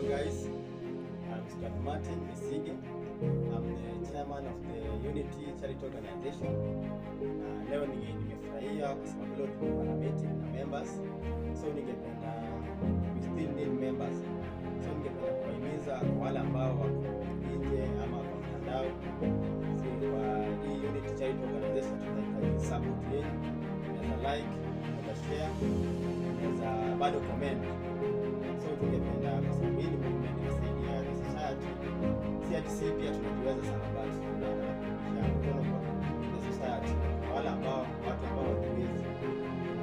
Hello guys, I'm Scott Martin Misige. I'm the chairman of the Unity Charity Organization. Na uh, leo nimefurahia kwa sababu leo tulikuwa na meeting na members. So ningependa we still need members. So ningependa kuwahimiza wale ambao wako nje ama kwa mtandao kwa hii Unity Charity Organization tunahitaji support yenu. Unaweza like, unaweza share, unaweza bado comment. kupitia TCA pia tunajiweza Sarabati, tunaendelea society, wale ambao watu ambao wajiwezi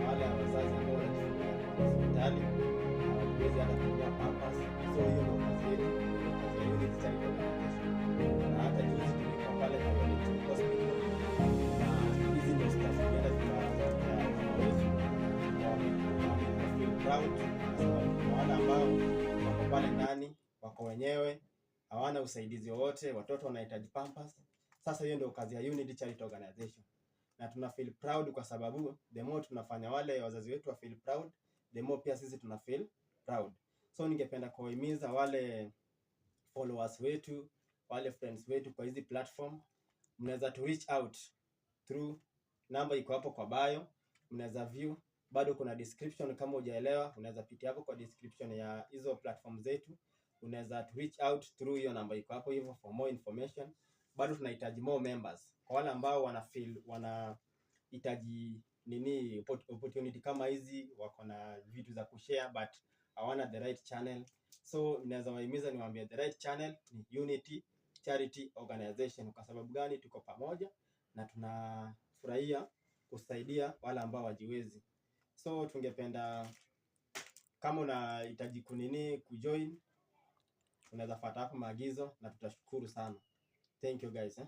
na wale wazazi ambao wanajifungia hospitali na wajiwezi hata kuingia pampas. So hiyo ndio kazi yetu, kazi ya unit child Na hata juzi tulikuwa pale kwa unit hospital na hizi ndio staff zinaenda zikawezu proud wale ambao wako pale ndani wako wenyewe hawana usaidizi wowote, watoto wanahitaji pampers. Sasa hiyo ndio kazi ya Unity Charity Organization, na tuna feel proud kwa sababu the more tunafanya wale wazazi wetu wa feel proud, the more pia sisi tuna feel proud. So ningependa kuwahimiza wale followers wetu wale friends wetu kwa hizi platform, mnaweza to reach out through namba iko hapo kwa bio, mnaweza view bado kuna description. Kama hujaelewa, unaweza pitia hapo kwa description ya hizo platform zetu unaweza reach out through hiyo namba iko hapo hivyo for more information. Bado tunahitaji more members kwa wale ambao wana feel wanahitaji nini opportunity kama hizi, wako na vitu za kushare but hawana the right channel, so naweza wahimiza niwaambie the right channel ni Unity Charity Organization. Kwa sababu gani? Tuko pamoja na tunafurahia kusaidia wale ambao wajiwezi, so tungependa kama unahitaji kunini kujoin unaweza fuata hapo maagizo na tutashukuru sana. Thank you guys eh.